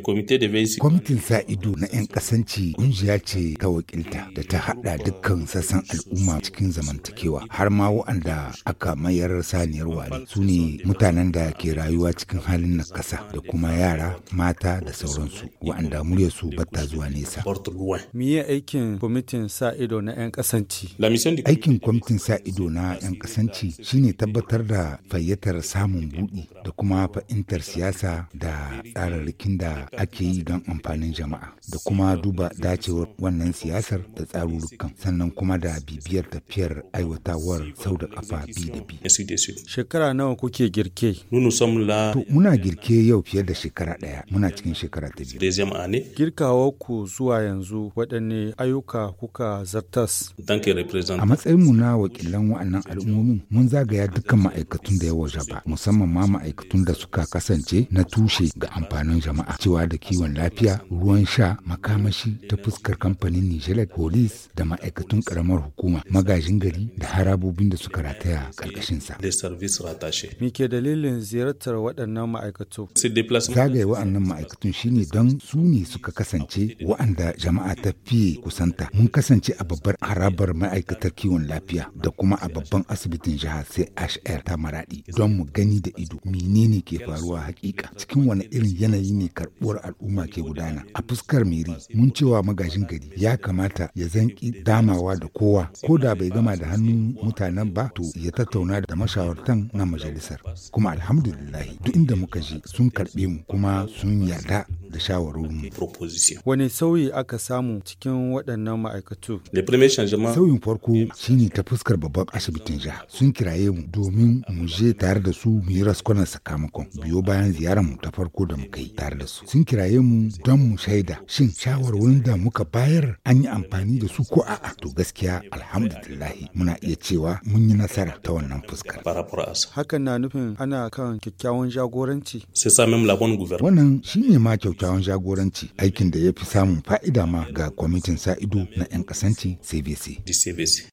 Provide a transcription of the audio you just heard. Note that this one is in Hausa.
Kwamitin sa ido na 'yan kasanci kungiya ce ta wakilta da ta hada dukkan sassan al'umma cikin zamantakewa har ma wa'anda aka mayar saniyar ware su ne mutanen da ke rayuwa cikin halin na kasa da kuma yara mata da sauransu wa'anda muryarsu bata zuwa nesa. Miye aikin kwamitin sa ido na 'yan kasanci? Aikin kwamitin sa na 'yan kasanci shine tabbatar da fayyatar samun buɗi da kuma fa'intar siyasa da tsararrakin da ake yi don amfanin jama'a da kuma duba dacewar wannan siyasar da tsarurrukan sannan kuma da bibiyar tafiyar aiwatawar sau da kafa bi da bi. Shekara nawa kuke girke? To muna girke yau fiye da shekara daya muna cikin shekara ta biyu. Girkawa ku zuwa yanzu waɗanne ayyuka kuka zartas? A matsayinmu na wakilan wa'annan al'ummomin mun zagaya dukkan ma'aikatun da ya wajaba musamman ma ma'aikatun da suka kasance na tushe ga amfanin jama'a. cewa da kiwon lafiya ruwan sha makamashi ta fuskar kamfanin nigeria polis da ma'aikatun karamar hukuma magajin gari da harabobin da suka rataya karkashinsa me ke dalilin ziyartar waɗannan ma'aikatu zagaye waɗannan ma'aikatun shine don su ne suka kasance waɗanda jama'a ta fiye kusanta mun kasance a babbar harabar ma'aikatar kiwon lafiya da kuma a babban asibitin jihar chr ta maradi don mu gani da ido menene ke faruwa hakika cikin wani irin yanayi ne karɓi zaɓuwar al'umma ke gudana a fuskar miri mun cewa magajin gari ya kamata ya zanki damawa da kowa ko da bai gama da hannun mutanen ba to ya tattauna da mashawartan na majalisar kuma alhamdulillah duk inda muka je sun karɓe mu kuma sun yarda da mu. Wani sauyi aka samu cikin waɗannan ma'aikatu? Sauyin farko shine ta fuskar babban asibitin jiha. Sun kiraye mu domin mu je tare da su mu yi raskunan sakamakon biyo bayan ziyarar mu ta farko da muka yi tare da su. Sun kiraye mu don mu shaida shin shawarwarin da muka bayar an yi amfani da su ko a'a. To gaskiya alhamdulillahi muna iya cewa mun yi nasara ta wannan fuskar. Hakan na nufin ana kan kyakkyawan jagoranci. Wannan shine ma kyau kyakkyawan jagoranci aikin da ya fi samun fa'ida ma ga kwamitin sa ido na 'yan kasanci cbc.